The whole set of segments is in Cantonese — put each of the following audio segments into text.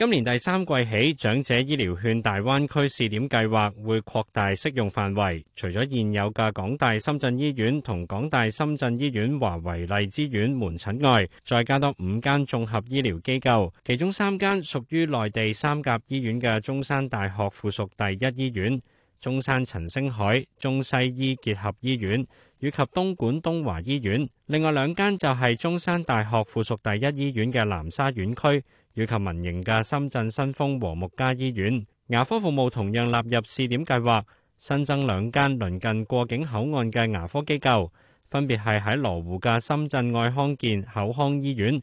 今年第三季起，長者醫療券大灣區試點計劃會擴大適用範圍，除咗現有嘅港大深圳醫院同港大深圳醫院華為荔枝苑門診外，再加多五間綜合醫療機構，其中三間屬於內地三甲醫院嘅中山大學附屬第一醫院、中山陳星海中西醫結合醫院。以及東莞東華醫院，另外兩間就係中山大學附屬第一醫院嘅南沙院區，以及民營嘅深圳新豐和睦家醫院。牙科服務同樣納入試點計劃，新增兩間鄰近過境口岸嘅牙科機構，分別係喺羅湖嘅深圳愛康健口腔醫院。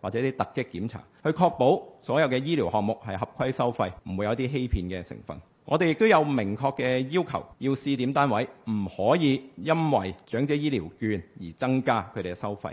或者啲突擊檢查，去確保所有嘅醫療項目係合規收費，唔會有啲欺騙嘅成分。我哋亦都有明確嘅要求，要試點單位唔可以因為長者醫療券而增加佢哋嘅收費。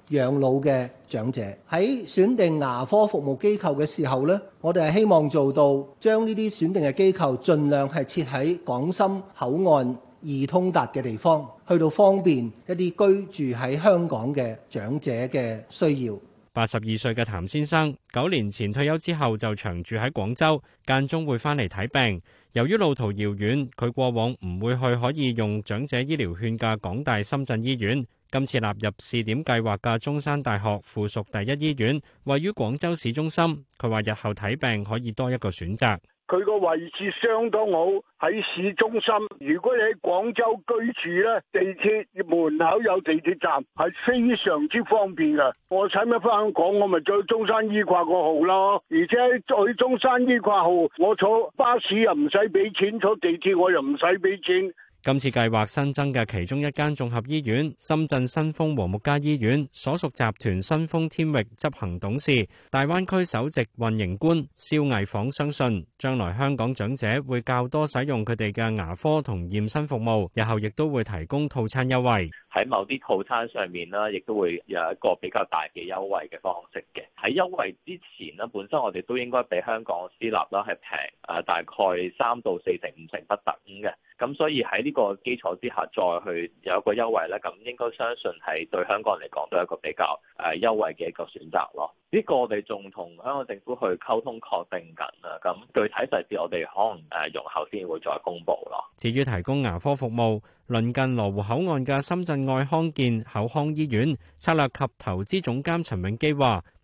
養老嘅長者喺選定牙科服務機構嘅時候呢，我哋係希望做到將呢啲選定嘅機構盡量係設喺港深口岸易通達嘅地方，去到方便一啲居住喺香港嘅長者嘅需要。八十二歲嘅譚先生九年前退休之後就長住喺廣州，間中會返嚟睇病。由於路途遙遠，佢過往唔會去可以用長者醫療券嘅港大深圳醫院。今次納入試點計劃嘅中山大學附屬第一醫院，位於廣州市中心。佢話日後睇病可以多一個選擇。佢個位置相當好，喺市中心。如果你喺廣州居住呢，地鐵門口有地鐵站，係非常之方便嘅。我使乜翻港？我咪喺中山醫掛個號咯。而且喺中山醫掛號，我坐巴士又唔使俾錢，坐地鐵我又唔使俾錢。今次計劃新增嘅其中一間綜合醫院深圳新豐和睦家醫院，所屬集團新豐天域執行董事、大灣區首席運營官肖毅舫相信，將來香港長者會較多使用佢哋嘅牙科同驗身服務，日後亦都會提供套餐優惠。喺某啲套餐上面啦，亦都會有一個比較大嘅優惠嘅方式嘅。喺優惠之前咧，本身我哋都應該比香港私立啦係平啊，大概三到四成、五成不等嘅。咁所以喺呢個基礎之下，再去有一個優惠咧，咁應該相信係對香港人嚟講都係一個比較誒優惠嘅一個選擇咯。呢個我哋仲同香港政府去溝通確定緊啊，咁具體細節我哋可能誒容後先會再公布咯。至於提供牙科服務，鄰近羅湖口岸嘅深圳愛康健口腔醫院策略及投資總監陳永基話。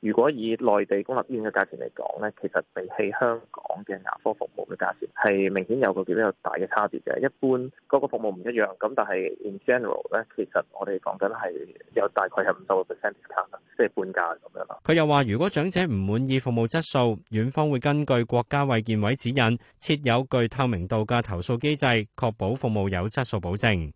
如果以內地公立醫院嘅價錢嚟講呢，其實比起香港嘅牙科服務嘅價錢，係明顯有個比較大嘅差別嘅。一般嗰個服務唔一樣，咁但係 in general 呢，其實我哋講緊係有大概係五十個 percent discount 即係半價咁樣啦。佢又話：如果長者唔滿意服務質素，院方會根據國家衞健委指引，設有具透明度嘅投訴機制，確保服務有質素保證。